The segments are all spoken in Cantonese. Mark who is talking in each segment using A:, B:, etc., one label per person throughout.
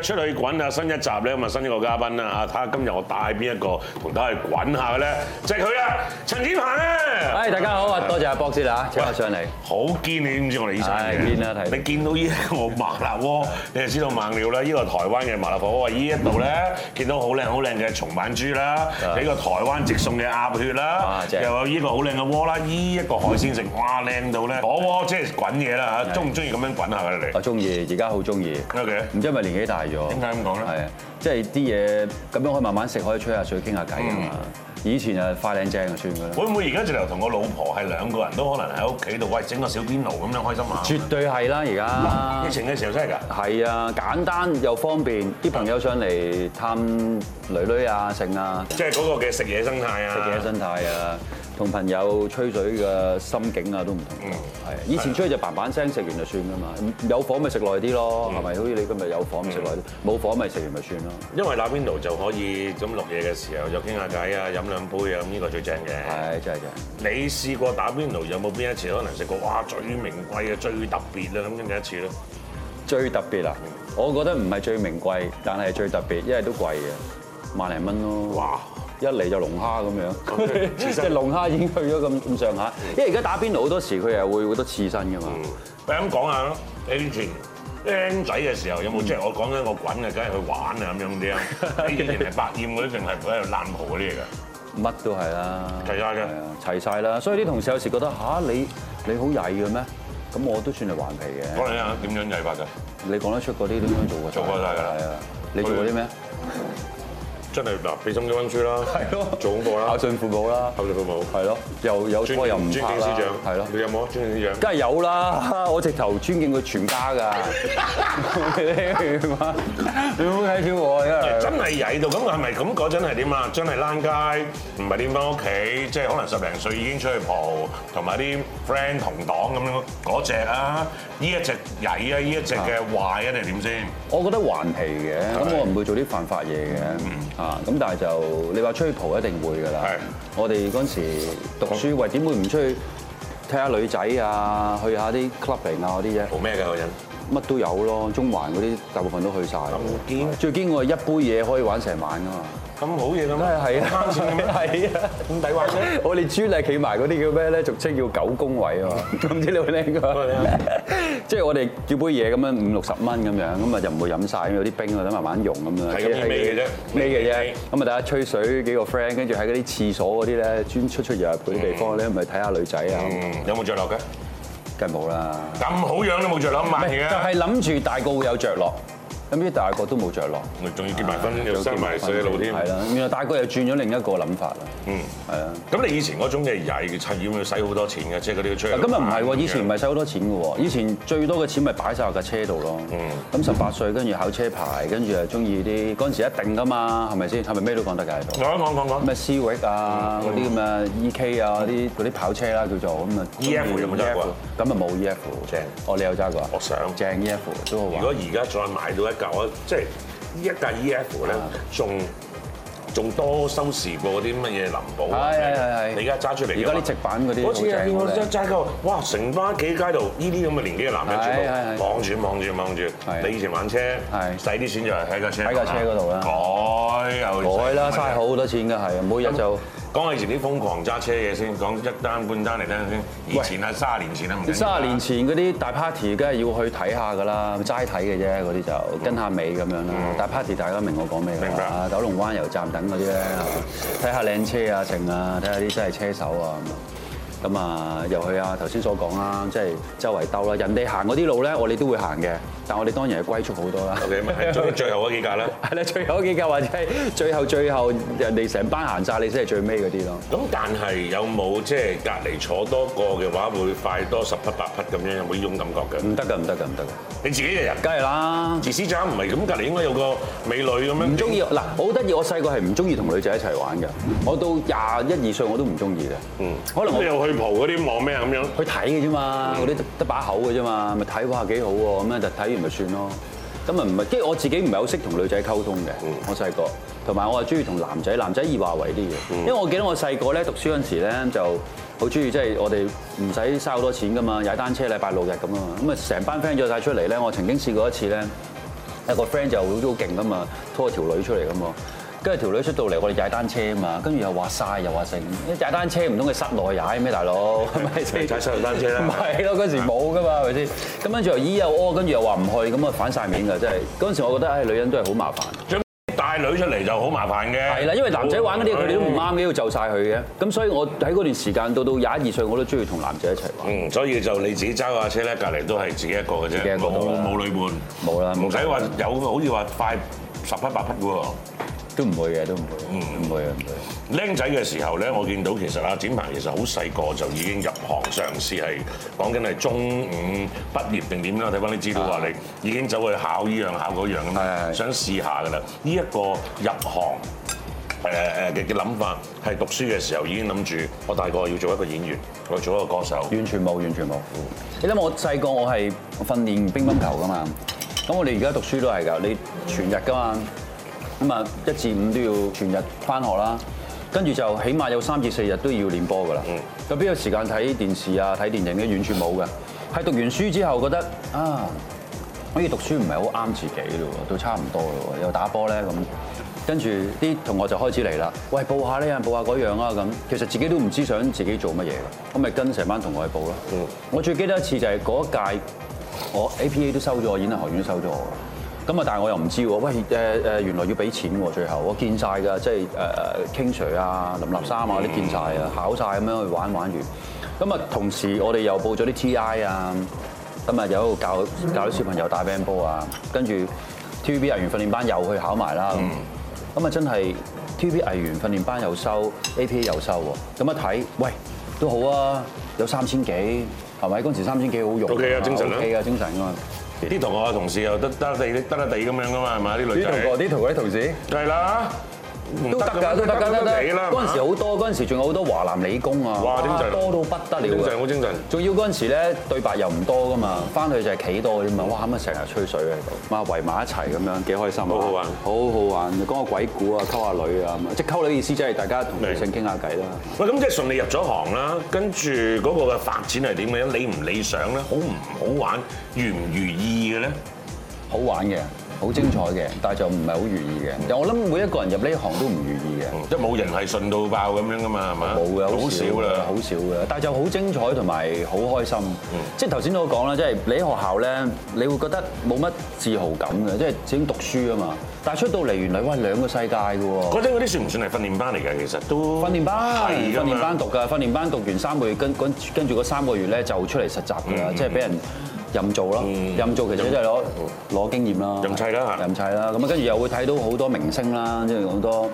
A: 出去滾下新一集咧咁啊，新一個嘉賓啦嚇，睇下今日我帶邊一個同大家去滾下嘅咧，即係佢啊，陳展鵬啊！誒，大家好啊，多謝阿博士啊嚇，請我上嚟。好堅，你知唔知我哋以前？堅啦，你見到呢個麻辣鍋，你就知道猛料啦！呢個台灣嘅麻辣火鍋，依一度咧見到好靚好靚嘅松板豬啦，俾個台灣直送嘅鴨血啦，又有呢個好靚嘅鍋啦，依一個海鮮城，哇靚
B: 到咧，火鍋即係滾嘢啦嚇，中唔中意咁樣滾下嘅你？我中意，而家好中意。O K，唔知係咪年紀大？點解咁講咧？係啊，即係啲嘢咁樣可以慢慢食，可以吹下水傾下偈啊嘛！嗯、以前啊，快靚正就算噶啦。會
A: 唔會而家直頭同個老婆係兩個人，都可能喺屋企度喂整個小邊爐咁樣開心啊？絕對係啦！而家疫情嘅時候真
B: 係㗎。係啊，簡單又方便，啲朋友上嚟探女女啊、剩啊，即係嗰個嘅食嘢生，生態啊，食嘢生態啊。同朋友吹水嘅心境啊，都唔同。係、嗯、以前吹去就砰砰聲，食完就算噶嘛。有火咪食耐啲咯，係咪、嗯吧？好似你今日有火咪食耐啲，冇、嗯、火咪食完咪算咯。嗯、
A: 因為打邊爐就可以咁落嘢嘅時候就傾下偈啊，飲兩杯啊，咁呢個最正嘅。係，真係正。你試過打邊爐有冇邊一次可能食
B: 過？哇，最名貴啊，最特別啊！咁邊一次咧？最特別啊！我覺得唔係最名貴，但係最特別，因為都貴嘅，萬零蚊咯。一嚟就龍蝦咁樣，即係龍蝦已經去咗咁咁上下，因為而家打邊爐好多時佢又會好多刺身噶嘛。你
A: 咁講下咯，以前僆仔嘅時候有冇即係我講緊我滾嘅，梗係去玩啊咁樣啲啊。以前係百厭嗰啲，定係喺度爛蒲嗰啲嚟
B: 㗎？乜都係啦，齊晒嘅，齊晒啦。所以啲同事有時覺得吓，你你好曳嘅咩？咁我都算係頑皮嘅。講嚟聽下，點樣曳法㗎？你講得出嗰啲都應該做過。做過晒㗎啦。你做過啲咩？
A: 真係嗱，俾心機温書啦，係咯，
B: 做功課啦，孝順父母啦，孝順父母，係咯，又有個又唔尊敬師長，係咯，你有冇啊尊敬師長？梗係有啦，我直頭尊敬佢全家㗎。你
A: 點
B: 啊？
A: 你會睇小我啊？真係曳到咁，係咪咁，嗰陣係點啊？真係躝街，唔係點翻屋企？即係可能十零歲已經出去蒲，同埋啲 friend 同黨咁樣嗰隻啊？呢一隻曳啊？呢一隻嘅壞啊？定係點先？
B: 我覺得頑皮嘅，咁我唔會做啲犯法嘢嘅。嗯。咁但係就你話出去蒲一定會㗎啦。我哋嗰陣時讀書，為點好 會唔出去睇下女仔啊？去下啲 clubbing 啊嗰啲啫。蒲咩嘅？個人？乜都有咯，中環嗰啲大部分都去晒。最堅，最堅我係一杯嘢可以玩成晚㗎嘛。咁好嘢㗎，慘重㗎咩？係啊，咁抵玩。我哋專嚟企埋嗰啲叫咩咧？俗稱叫狗公位喎。唔知你有冇會聽過？即係我哋叫杯嘢咁樣五六十蚊咁樣，咁啊就唔會飲晒，有啲冰嗰啲慢慢溶咁樣。係咁味嘅啫，味嘅啫。咁啊，大家吹水幾個 friend，跟住喺嗰啲廁所嗰啲咧，專出出入入嗰啲地方咧，唔係睇下女仔啊？有冇着落㗎？梗係冇啦。咁好樣都冇着落，買嘢啊？就係諗住大個會有着落。咁啲大個都冇着落，仲要結埋婚又生埋細路添，係啦。原來大個又轉咗另一個諗法啦。嗯，係啊。咁你以前嗰種嘢曳嘅車要唔要使好多錢嘅？即係嗰啲車。咁啊唔係喎，以前唔係使好多錢嘅喎，以前最多嘅錢咪擺晒落架車度咯。咁十八歲跟住考車牌，跟住又中意啲，嗰陣時一定㗎嘛，係咪先？係咪咩都講得㗎？講講講。咩 Civic 啊，嗰啲咁嘅 EK 啊，嗰啲啲跑車啦叫做。咁啊 EF 有冇揸過啊？咁啊冇 EF，正。哦，你有揸過啊？我想。正 EF 都好。如果而家再買到
A: 一即係呢一架 E F 咧，仲仲多收視過嗰啲乜嘢林寶啊？係係係。你而家揸出嚟，而家啲直板啲，我次揸個，哇！成班企喺街度，呢啲咁嘅年紀嘅男人全部望住望住望住。你以前玩車，係使啲錢就喺架車喺架車度啦。改又改啦，嘥
B: 好多錢㗎，
A: 係每日就。講下以前啲瘋狂揸車嘢先，講一單半單嚟聽先。以前啊，卅喂年前
B: 啊，唔同。卅年前嗰啲大 party，梗係要去睇下噶啦，齋睇嘅啫，嗰啲就跟下尾咁樣啦。嗯、大 party 大家明我講咩啦？明白。啊，九龍灣油站等嗰啲咧，睇下靚車啊，剩啊，睇下啲真係車手啊咁啊，又去啊頭先所講啦，即係周圍兜啦，人哋行嗰啲路咧，我哋都會行嘅。但我哋當然係歸宿好多啦。OK，係最最後嗰幾架啦。係啦，最後嗰幾架，或者係最後最後，最後人哋成班行晒、嗯，你先係最尾嗰啲咯。
A: 咁但係有冇即係隔離坐多個嘅話，會快多十匹八匹咁樣？有冇呢種感覺嘅？唔得㗎，唔得㗎，唔得㗎！你自己一人，
B: 梗係啦。獅子仔
A: 唔係咁，隔離應該有個美女咁樣。唔中意嗱，
B: 好得意，我細個係唔中意同女仔一齊玩㗎。我到廿一二歲我都唔中意嘅。可能我、嗯、又去蒲嗰啲望咩啊咁樣？去睇嘅啫嘛，嗰啲得把口嘅啫嘛，咪睇下幾好喎咁樣，就睇。咪算咯，咁啊唔係，即係我自己唔係好識同女仔溝通嘅。我細個，同埋我係中意同男仔，男仔以話為啲嘅。因為我記得我細個咧讀書嗰陣時咧，就好中意即係我哋唔使嘥好多錢噶嘛，踩單車禮拜六日咁啊。咁啊成班 friend 約晒出嚟咧，我曾經試過一次咧，一個 friend 就好好勁噶嘛，拖條女出嚟噶嘛。因為條女出到嚟，我哋踩單車啊嘛，跟住又話晒又話剩，你踩單車唔通佢室內踩咩，大佬？咪就踩室內單車啦。 咪係咯，嗰時冇噶嘛，係咪先？咁跟住又咦又屙，跟住又話唔去，咁啊反晒面噶，真係嗰陣時我覺得，唉，女人都係好麻煩，帶女出嚟就好麻煩嘅。係啦，因為男仔玩嗰啲，佢哋問都唔啱嘅，要就晒佢嘅。咁所以，我喺嗰段時間到到廿一二歲，我都中意同男仔一齊玩。嗯，所以就你自己揸架車咧，隔離都係自己一個嘅啫沒。冇冇女伴，冇啦，唔使話有，
A: 好似話快十匹八匹喎。
B: 都唔會嘅，都唔會。會，嗯，唔會啊，唔
A: 會。僆仔嘅時候咧，我見到其實阿展鵬其實好細個就已經入行嘗試，係講緊係中五畢業定點樣？睇翻啲資料話，的你已經走去考依樣考嗰樣㗎，想試下㗎啦。呢、這、一個入行誒誒嘅嘅諗法，
B: 係讀書嘅時候已經諗住，我大個要做一個演員，我做一個歌手。完全冇，完全冇。你諗我細個我係訓練乒乓球㗎嘛？咁我哋而家讀書都係㗎，你全日㗎嘛？咁啊，一至五都要全日返學啦，跟住就起碼有三至四日都要練波噶啦。咁邊有時間睇電視啊、睇電影咧，完全冇嘅。喺讀完書之後覺得啊，好似讀書唔係好啱自己咯，都差唔多咯，又打波咧咁。跟住啲同學就開始嚟啦，喂，報下呢，報下嗰樣啊咁。其實自己都唔知想自己做乜嘢，咁咪跟成班同學去報咯。我最記得一次就係嗰一屆，我 APA 都收咗，我演藝學院收咗我。咁啊！但係我又唔知喎。喂，誒誒，原來要俾錢喎。最後我見晒㗎，即係誒誒 King Sir 啊、林立三啊啲見晒啊，考晒咁樣去玩玩完。咁啊，同時我哋又報咗啲 T.I. 啊，咁啊有教教啲小朋友打乒乓波啊，跟住 TVB 藝員訓練班又去考埋啦。咁啊，真係 TVB 藝員訓練班又收，APA 又收喎。咁一睇，喂，都好啊，有三千幾，係咪？嗰陣時三千幾好用。OK 啊，精神啦。OK 啊，精神啊。
A: 啲同學嘅同事又得得地得得地咁樣
B: 噶嘛係嘛啲女仔？啲同學，啲同,同學啲同事梗係啦。都得噶，都得噶，得啦！嗰陣時好多，嗰陣時仲有好多華南理工啊，多到不得了，好精神！仲要嗰陣時咧對白又唔多噶嘛，翻去就係企多啫嘛，哇咁啊成日吹水啊，咁啊圍埋一齊咁樣幾開心啊！好好玩，好好玩，講下鬼故啊，溝下女啊，即係溝女意思即係大家同女性傾下偈啦。
A: 喂，咁即係順利入咗
B: 行啦，跟住嗰個嘅發展係點樣？理唔理想咧？好唔好玩？如唔如意嘅咧？好玩嘅。好精彩嘅，但係就唔係好如意嘅。但我諗每一個人入呢行都唔如意嘅，即係冇人係順到爆咁樣㗎嘛，係嘛？冇嘅，好少啦，好少嘅。但係就好精彩同埋好開心。即係頭先我講啦，即係你喺學校咧，你會覺得冇乜自豪感嘅，即係只係讀書啊嘛。但係出到嚟原來喂，兩個世界㗎喎。嗰啲算唔算係訓練班嚟㗎？其實都訓練班係訓練班讀㗎，訓練班讀完三個月，跟跟住嗰三個月咧就出嚟實習㗎啦，即係俾人。任做咯，任做其實都係攞攞經驗啦。任砌啦，任砌啦。咁啊，跟住又會睇到好多明星啦，即係好多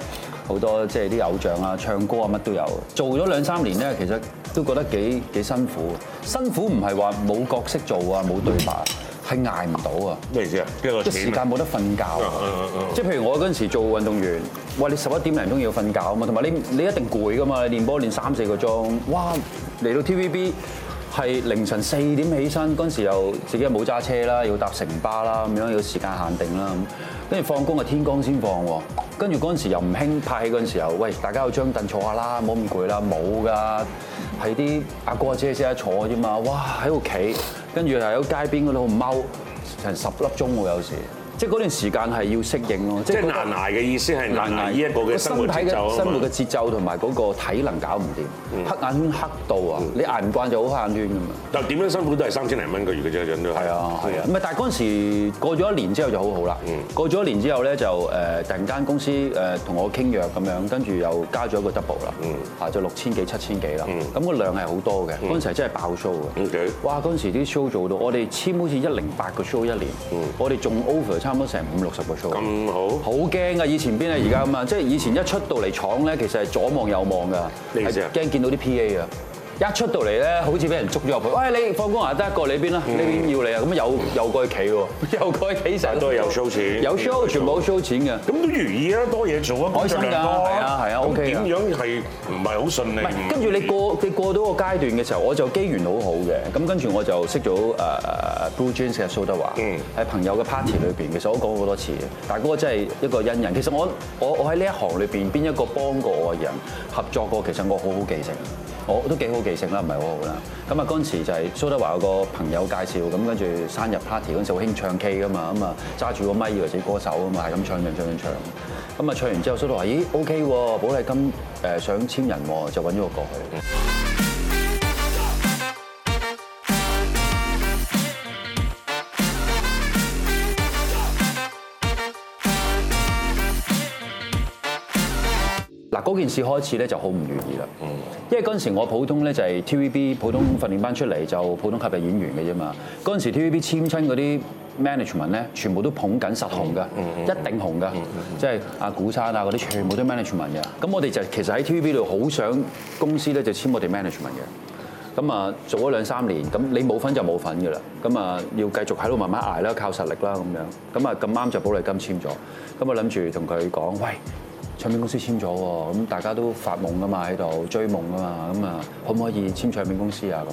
B: 好多即係啲偶像啊，唱歌啊乜都有。做咗兩三年咧，其實都覺得幾幾辛苦。辛苦唔係話冇角色做啊，冇對白，係捱唔到啊。咩意思啊？即係時間冇得瞓覺。嗯嗯嗯嗯。即係譬如我嗰陣時做運動員，喂，你十一點零鐘要瞓覺啊嘛，同埋你你一定攰噶嘛，你練波練三四個鐘，哇嚟到 TVB。係凌晨四點起身，嗰陣時又自己冇揸車啦，要搭城巴啦咁樣，要時間限定啦。跟住放工啊，天光先放喎。跟住嗰陣時又唔興拍戲，嗰陣時候，喂，大家有張凳坐下啦，冇咁攰啦，冇㗎，係啲阿哥阿姐先得坐啫嘛。哇，喺度企，跟住係喺街邊嗰度踎成十粒鐘喎，有時，有時。即係嗰段時間係要適應咯。即係難捱嘅意思係難捱呢一個嘅身體嘅生活嘅節奏同埋嗰個體能搞唔掂。黑眼圈黑到啊！你捱唔慣就好黑眼圈㗎嘛。但係點樣辛苦都係三千零蚊個月嘅啫，樣都係啊！係啊！唔係，但係嗰陣時過咗一年之後就好好啦。過咗一年之後咧，就誒突然間公司誒同我傾約咁樣，跟住又加咗一個 double 啦。嚇就六千幾、七千幾啦。咁個量係好多嘅，嗰陣時真係爆 show 嘅。哇！嗰陣時啲 show 做到，我哋簽好似一零八個 show 一年。我哋仲 over 差唔多成五六十個 show。咁好？好驚啊，以前邊啊？而家咁啊？即係以前一出到嚟廠咧，其實係左望右望㗎。你成有啲 P.A. 啊！一出到嚟咧，好似俾人捉咗入去。喂，你放工啊，得一個，你邊啦？你、嗯、邊要你啊？咁啊，又過去又過去又有又有個企喎，有個企成日都係有 Show 錢，有收全部 Show 錢嘅。咁都如意啊，多嘢做啊，開心㗎。係啊了，係啊，OK。點樣係唔係好順利？跟住你過你過到個階段嘅時候，我就機緣好好嘅。咁跟住我就識咗誒誒 Blue Jeans 啊，蘇德華。喺朋友嘅 party 裏邊，其實我講好多次大哥真係一個恩人。其實我我我喺呢一行裏邊，邊一個幫過我嘅人合作過，其實我好好記性。我都幾好記性啦，唔係好好啦。咁啊，嗰陣時就係蘇德華有個朋友介紹，咁跟住生日 party 嗰陣時好興唱 K 噶嘛，咁啊揸住個咪以為自己歌手啊嘛，係咁唱緊唱緊唱。咁啊唱，唱完之後，蘇德華咦 OK 喎，寶麗金誒想簽人喎，就揾咗我過去。件事開始咧就好唔如意啦。嗯，因為嗰陣時我普通咧就係 TVB 普通訓練班出嚟就普通級嘅演員嘅啫嘛。嗰陣時 TVB 簽親嗰啲 management 咧全部都捧緊實紅嘅，嗯嗯嗯、一定紅嘅，嗯嗯嗯、即係阿古山啊嗰啲全部都 management 嘅。咁我哋就其實喺 TVB 度好想公司咧就簽我哋 management 嘅。咁啊做咗兩三年，咁你冇份就冇份嘅啦。咁啊要繼續喺度慢慢捱啦，靠實力啦咁樣。咁啊咁啱就寶麗金簽咗。咁我諗住同佢講，喂。唱片公司簽咗喎，咁大家都發夢㗎嘛，喺度追夢㗎嘛，咁啊，可唔可以簽唱片公司啊？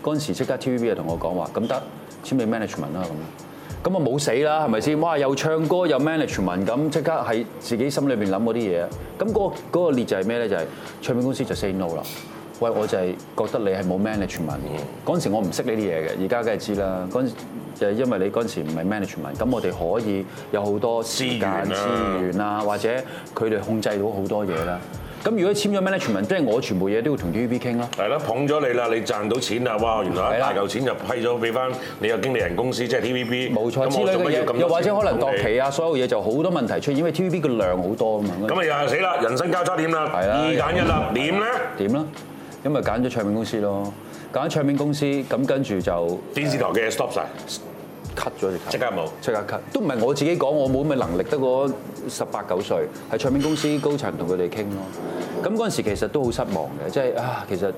B: 咁嗰陣時即刻 TVB 就同我講話，咁得簽你 management 啦咁，咁啊冇死啦係咪先？哇，又唱歌又 management 咁，即刻喺自己心裏邊諗嗰啲嘢，咁、嗰、嗰、個嗰個列就係咩咧？就係、係、唱片公司就 say no 啦。喂，我就係覺得你係冇 management，嗰陣時我唔識呢啲嘢嘅，而家梗係知啦。嗰陣就係因為你嗰陣時唔係 management，咁我哋可以有好多時間資源啊，或者佢哋控制到好多嘢啦。咁如果簽咗 management，即係我全部嘢都要同 TVB 傾咯。係
A: 咯，捧咗你啦，你賺到錢啦，哇！原來一大嚿錢就批咗俾翻你個經理人公司，即係 TVB。冇錯，咁我做乜要咁多？咁又或者可能度期
B: 啊，所有嘢就好多問題出現，因為 TVB 嘅量好多啊嘛。咁啊又死啦！人生交叉點啦，二揀一啦，點咧？點啦？因為揀咗唱片公司咯，揀咗唱片公司，咁跟住就電視台嘅 stop 曬，cut 咗隻卡，即刻冇，即刻 cut。都唔係我自己講，我冇咩能力，得個十八九歲，係唱片公司高層同佢哋傾咯。咁嗰陣時其實都好失望嘅，即係啊，其實。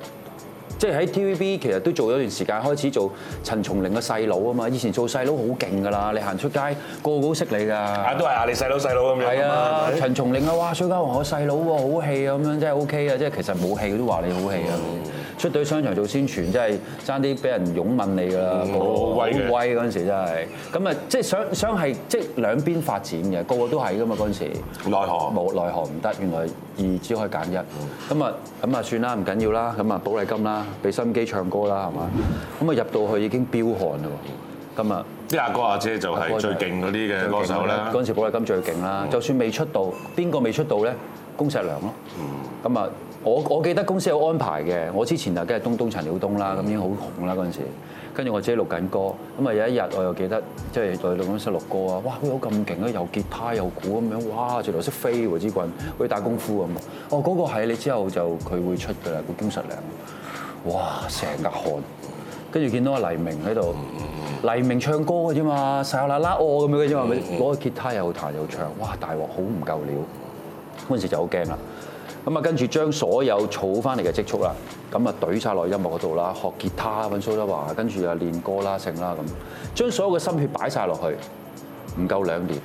B: 即係喺 TVB 其實都做咗段時間，開始做陳松伶嘅細佬啊嘛！以前做細佬好勁㗎啦，你行出街個個都識你㗎。啊的，都係啊！
A: 你細佬細佬咁樣。係啊，陳
B: 松伶啊，哇！蕭家宏個細佬喎，好戲啊，咁樣真係 OK 啊！即係其實冇戲都話你好戲啊。出到商場做宣傳，嗯、真係爭啲俾人擁吻你㗎啦！好威嗰陣時真係，咁啊即係想想係即係兩邊發展嘅，個個都係㗎嘛嗰陣時。奈何？冇奈何唔得，原來二只可以揀一。咁啊咁啊算啦，唔緊要啦。咁啊寶麗金啦，俾心機唱歌啦，係嘛？咁啊入到去已經彪悍啦喎。咁啊
A: 啲阿哥阿姐就係最勁嗰啲嘅歌手咧。嗰陣時
B: 候寶麗金最勁啦，嗯、就算未出道，邊個未出道咧？公石良咯。咁啊。我我記得公司有安排嘅，我之前啊跟阿東東陳曉東啦，咁已經好紅啦嗰陣時。跟住我自己錄緊歌，咁啊有一日我又記得，即係在錄音室錄歌啊，哇！佢有咁勁啊，又吉他又鼓咁樣，哇！直頭識飛，支棍，好似打功夫咁。哦，嗰個係你之後就佢會出嘅啦，個《金石良》。哇！成額汗，跟住見到阿黎明喺度，黎明唱歌嘅啫嘛，成日拉拉我咁樣嘅啫嘛，咪？個吉他又彈又唱，哇！大鑊好唔夠料，嗰陣時就好驚啦。咁啊，跟住將所有儲翻嚟嘅積蓄啦，咁啊，懟晒落音樂嗰度啦，學吉他揾蘇德華，跟住啊練歌啦，成啦咁，將所有嘅心血擺晒落去，唔夠兩年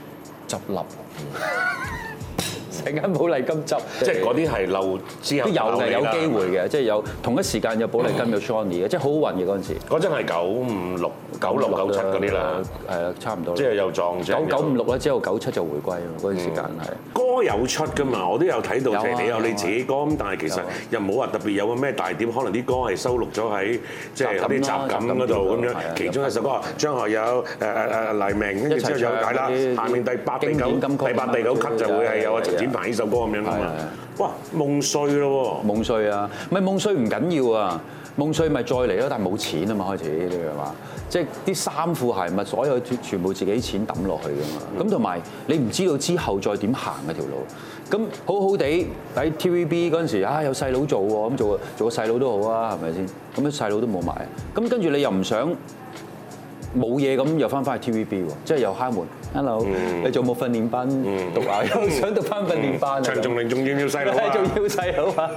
B: 執笠。突然間寶麗金執，即係嗰啲係漏之後有嘅，有機會嘅，即係有同一時間有寶麗金有 Sony 嘅，即係好好運嘅嗰陣時。嗰陣係九五六、九六九七嗰啲啦，誒差唔多。即係又撞即係九九五六啦，之後九七就回歸咯。嗰陣時間係
A: 歌有出㗎嘛，我都有睇到，即係你有你自己歌咁，但係其實又冇話特別有個咩大點，可能啲歌係收錄咗喺即係嗰啲集錦嗰度咁樣，其中一首歌張學友誒誒誒黎明，跟住之後有解啦，下面第八第九第八第九級就會係有陳展埋呢首歌咁樣
B: 咯，係啊哇夢碎咯喎，夢碎啊，唔係夢碎唔緊要啊，夢碎咪再嚟咯，但係冇錢啊嘛，開始呢個話，即係啲衫褲鞋襪所有全部自己錢抌落去㗎嘛，咁同埋你唔知道之後再點行嗰條路，咁好好地喺 TVB 嗰陣時啊有細佬做喎，咁做個做個細佬都好啊，係咪先？咁樣細佬都冇埋，咁跟住你又唔想冇嘢咁又翻返去 TVB 喎，即係又叩門。hello，你做冇訓練班讀啊？ 又想讀翻訓練班啊？陳仲寧仲要細佬啊？仲要細佬啊？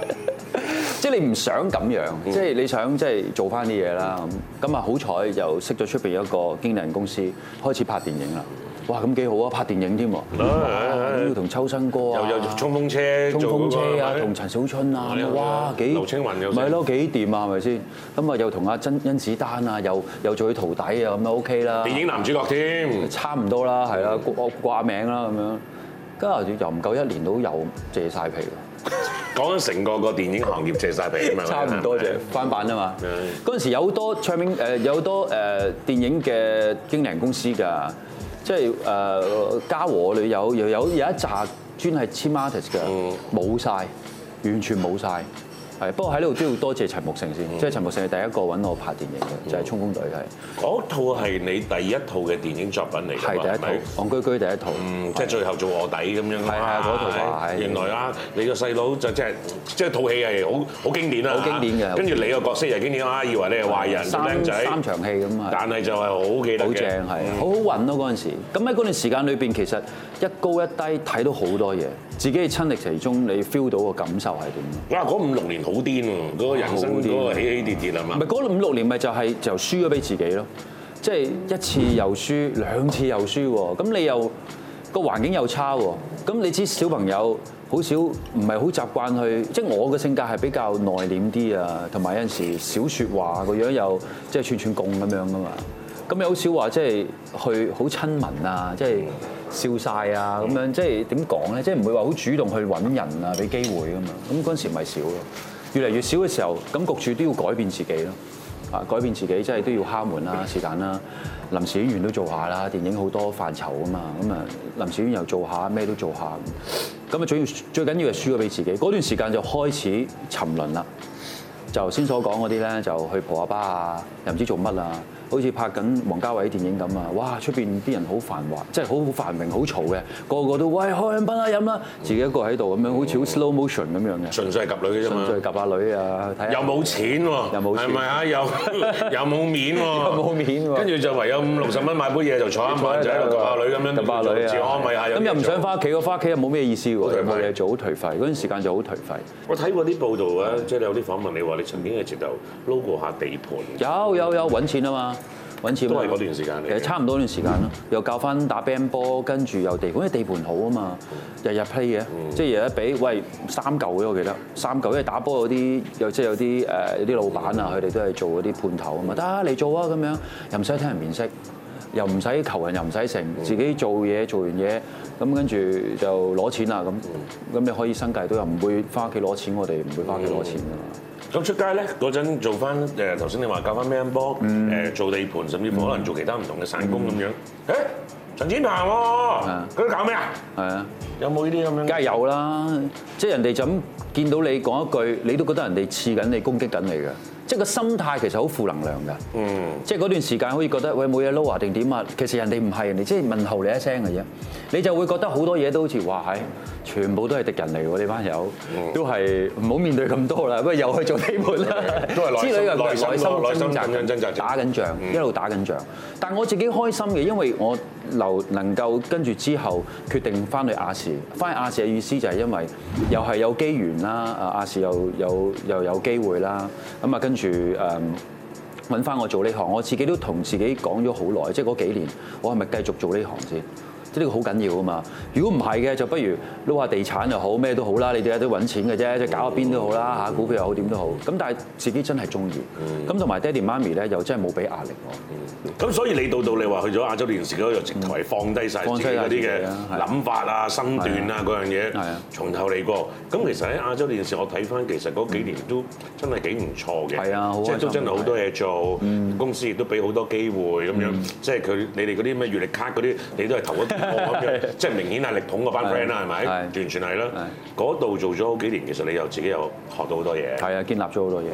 B: 即係你唔想咁樣，即係你想即係做翻啲嘢啦。咁咁啊，好彩又識咗出邊一個經理人公司，開始拍電影啦。哇！咁幾好啊，拍電影添喎，要同秋生哥又又衝鋒車，衝鋒車啊，同陳小春啊，哇幾，劉青雲又，咪咯幾掂啊，係咪先咁啊？又同阿甄甄子丹啊，又又做佢徒弟啊，咁都 O K 啦。電影男主角添，差唔多啦，係啦，掛掛名啦咁樣，加上又唔夠一年都有借曬皮。講緊成個個電影行業借曬皮啊嘛，差唔多啫，翻版啊嘛。嗰陣時有好多唱片，誒有好多誒電影嘅經理人公司㗎。即係誒，嘉禾裏有又有有一紮磚係簽 artist 嘅，冇晒，完全冇晒。係，不過喺呢度都要多謝陳木勝先，即係陳木勝係第一個揾我拍電影嘅，就係《衝鋒隊》係。
A: 嗰套係你第一套嘅電影作品嚟嘅，嘛？係第一套，
B: 憨居居第一套。
A: 即係最後做臥底咁樣。係係，嗰套係。原來啊，你個細佬就即係即係套戲係好好經典啊。好經典嘅，跟住你個角色又經典啦，以為你係壞人，靚仔。三三場戲咁啊。但係就係好記得。好正係。好好
B: 運咯嗰陣時。咁喺嗰段時間裏邊，其實一高一低睇到好多嘢，自己親歷其中，你 feel 到個感受係點？哇！五六年。好癲喎！嗰個人生嗰個起起跌跌係嘛？唔係嗰五六年，咪就係就輸咗俾自己咯。即係一次又輸，兩次又輸喎。咁你又個環境又差喎。咁你知小朋友好少唔係好習慣去，即係我嘅性格係比較內斂啲啊，同埋有陣時少說話個樣又即係串串共咁樣㗎嘛。咁有少話即係去好親民啊，即係笑晒啊咁樣，即係點講咧？即係唔會話好主動去揾人啊，俾機會㗎嘛。咁嗰陣時咪少咯。越嚟越少嘅時候，咁局處都要改變自己咯。啊，改變自己即係都要敲門啦、時間啦，臨時演員都做下啦。電影好多範疇啊嘛，咁啊臨時演員又做下，咩都做下。咁啊，最要最緊要係輸咗俾自己。嗰段時間就開始沉淪啦。就先所講嗰啲咧，就去蒲吧啊，又唔知做乜啊！好似拍緊王家衛啲電影咁啊！哇，出邊啲人好繁華，即係好繁榮、好嘈嘅，個個都喂開香檳啊，飲啦！自己一個喺度咁樣，好似好 slow motion 咁樣嘅。純粹係及女嘅啫嘛。純粹及下女啊，睇下。又冇錢喎，係咪啊？
A: 又又冇面喎，冇面喎。跟住就唯有五六十蚊買杯嘢就坐下飲，就喺度及下女飲飲。及下女啊！自又唔想
B: 翻屋企，個翻屋企又冇咩意思喎。冇嘢做，好頹廢。嗰段時間就好頹廢。
A: 我睇過啲報道啊，即係有啲訪問你話，你曾經係直頭撈過下地盤。
B: 有有有，揾錢啊嘛！揾錢都係嗰段時間，其實差唔多段時間咯，嗯、又教翻打 band 波，跟住又地盤，因為地盤好啊嘛，日日 play 嘅，即係日日俾喂三嚿嘅，我記得三嚿，因為打波嗰啲有即係、就是、有啲誒有啲老闆啊，佢哋、嗯、都係做嗰啲判頭啊嘛，得嚟、嗯、做啊咁樣，又唔使聽人面色，又唔使求人，又唔使成，自己做嘢做完嘢咁跟住就攞錢啦咁，咁你可以生計，都又唔會返屋企攞錢，我哋唔會返屋企攞錢、嗯嗯
A: 咁出街咧，嗰陣做翻誒頭先你話教翻咩波，誒、嗯、做地
B: 盤，甚至乎可能做其他唔同嘅散工咁樣。誒、嗯欸，陳展鵬喎，佢是的 搞咩啊？係啊是的，有冇呢啲咁樣？梗係有啦，即係人哋就咁見到你講一句，你都覺得人哋刺緊你，攻擊緊你嘅。即係個心態其實好負能量㗎。嗯。即係嗰段時間，可以覺得喂冇嘢撈啊定點啊，其實人哋唔係，人哋即係問候你一聲嘅啫。你就會覺得好多嘢都好似話係。全部都係敵人嚟喎，呢班友都係唔好面對咁多啦，嗯、不如又去做呢門啦。都係之類嘅內心掙扎、打緊仗，嗯、一路打緊仗。但係我自己開心嘅，因為我留能夠跟住之後決定翻去亞視。翻去亞視嘅意思就係因為又係有機緣啦，亞視又有又，又，又有機會啦。咁啊，跟住揾翻我做呢行，我自己都同自己講咗好耐，即係嗰幾年，我係咪繼續做呢行先？呢個好緊要啊嘛！如果唔係嘅，就不如撈下地產又好，咩都好啦。你哋都揾錢嘅啫，即係搞下邊都好啦嚇，股票又好，點都好。咁但係自己真係中意。咁同埋爹哋媽咪咧，又真係冇俾壓力我。
A: 咁所以你到到你話去咗亞洲電視嗰度，直頭係放低曬嗰啲嘅諗法啊、心態啊嗰樣嘢，從頭嚟過。咁其實喺亞洲電視，我睇翻其實嗰幾年都真係幾唔錯嘅。係啊，即係都真係好多嘢做，公司亦都俾好多機會咁樣。即係佢你哋啲咩月曆卡啲，你都係投 哦、的即係明顯係力捧嗰班 friend 啦，係咪對？完全係咯。嗰度做咗好幾年，其實你又自己又學到
B: 好多嘢。係啊的，建立咗好多嘢。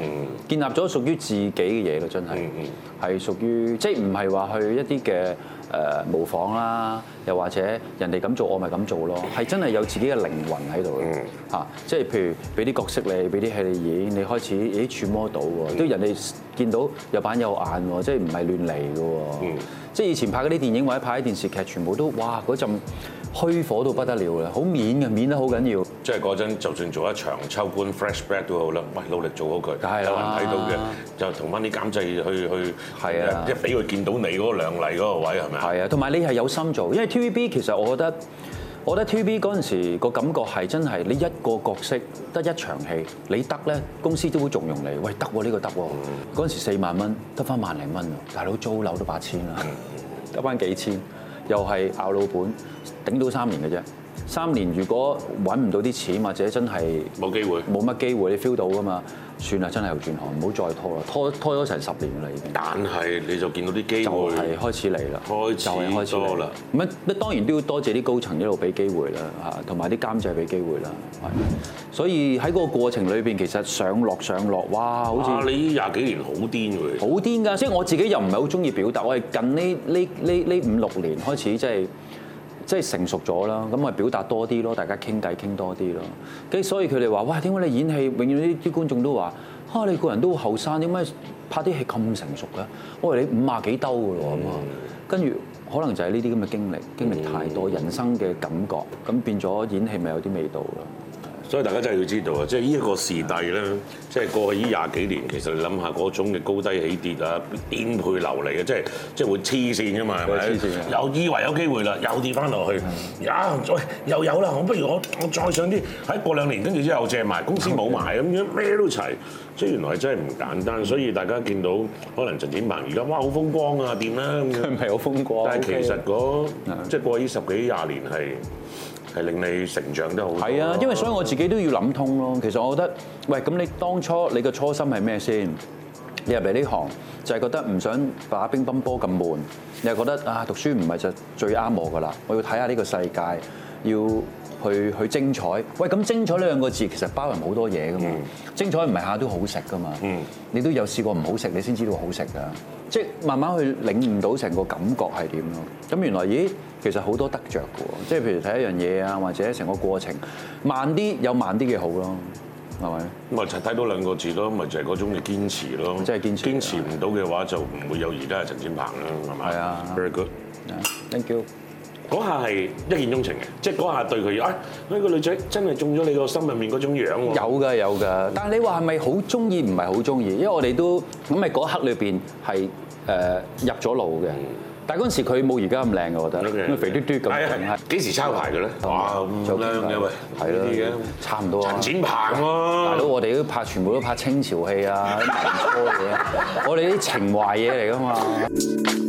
B: 建立咗屬於自己嘅嘢咯，真係。嗯嗯。係屬於即係唔係話去一啲嘅誒模仿啦，又或者人哋咁做，我咪咁做咯。係真係有自己嘅靈魂喺度嘅。即係、嗯、譬如俾啲角色你，俾啲戲你演，你開始你揣摩到喎。都人哋見到有板有眼喎，即係唔係亂嚟嘅喎。嗯。即係以前拍嗰啲電影或者拍啲電視劇，全部都哇嗰陣虛火到不得了啦，好面嘅面得好緊要。即係嗰陣就算做一場秋官 flashback 都
A: 好啦，喂努力做好佢，但係有人睇到嘅就同翻啲監製去去，去是啊、即係俾佢見到你嗰個亮麗嗰個位係咪啊？係啊，
B: 同埋你係有心做，因為 TVB 其實我覺得。我覺得 TV 嗰陣時個感覺係真係你一個角色得一場戲，你得咧，公司都會縱容你。喂得呢、呢個得，嗰陣 時四萬蚊得翻萬零蚊，大佬租樓都八千啦，得 翻幾千，又係咬老本，頂到三年嘅啫。三年如果揾唔到啲錢或者真係冇機會，冇乜機會你 feel 到㗎嘛？算啦，真係又轉行，唔好再拖啦，拖拖咗成十年啦已經。但係你就見到啲機會，就係開始嚟啦，開始多啦。咁一咩？當然都要多謝啲高層一路俾機會啦，嚇，同埋啲監製俾機會啦。係，所以喺嗰個過程裏邊，其實上落上落，哇，好似、啊、你廿幾年好癲㗎，好癲㗎。即係我自己又唔係好中意表達，我係近呢呢呢呢五六年開始即係……即係成熟咗啦，咁咪表達多啲咯，大家傾偈傾多啲咯，咁所以佢哋話：哇，點解你演戲永遠啲啲觀眾都話啊，你個人都好後生，點解拍啲戲咁成熟嘅？我話你五廿幾兜嘅喎，咁啊、嗯嗯，跟住可能就係呢啲咁嘅經歷，經歷太多人生嘅感覺，咁、嗯、變咗演戲咪有啲味道咯。
A: 所以大家真係要知道啊，即係呢一個時勢咧，即係過去呢廿幾年，其實你諗下嗰種嘅高低起跌啊，顛沛流離啊，即係即係會黐線嘅嘛，係咪？黐線。又以為有機會啦，又跌翻落去，呀喂的、啊，又有啦，我不如我我再上啲，喺過兩年跟住之後借埋公司冇埋咁樣，咩都齊，即係原來真係唔簡單。所以大家見到可能陳展鵬而家哇好風光啊，點啦佢唔係好風光，係咪好風光，但係其實嗰即係過去呢十幾廿年係，
B: 係令你成長得好。係啊，因為所以我自己都要諗通咯。其實我覺得，喂，咁你當初你個初心係咩先？你入嚟呢行就係、是、覺得唔想打乒乓波咁悶，你又覺得啊讀書唔係就最啱我噶啦，我要睇下呢個世界，要去去精彩。喂，咁精彩呢兩個字其實包含好多嘢噶嘛。精彩唔係下都好食噶嘛。你都有試過唔好食，你先知道好食噶。即係慢慢去領悟到成個感覺係點咯。咁原來咦？其實好多得着嘅喎，即係譬如睇一樣嘢啊，或者成個過程慢啲有慢啲嘅好咯，係咪？咪就係睇到兩個字咯，咪就係嗰種嘅堅持咯。即係堅持。堅持唔到嘅話就唔會有而家嘅陳
A: 展鵬啦，係咪？係啊。Very good. Thank you. 嗰下係一見鍾情嘅，
B: 即係嗰下對佢啊，呢個女仔真係中咗你個心入面嗰種樣喎。有㗎有㗎，但係你話係咪好中意唔係好中意？因為我哋都咁咪嗰刻裏邊係誒入咗腦嘅。嗯但嗰陣時佢冇而家咁靚嘅，我覺得，因為肥嘟嘟咁。係啊，幾對時抄牌嘅咧？哇，仲靚嘅喂，係咯，差唔多啊。陳展鵬咯，啊，大佬，我哋都拍全部都拍清朝戲啊，啲民初嘢， 我哋啲情懷嘢嚟㗎嘛。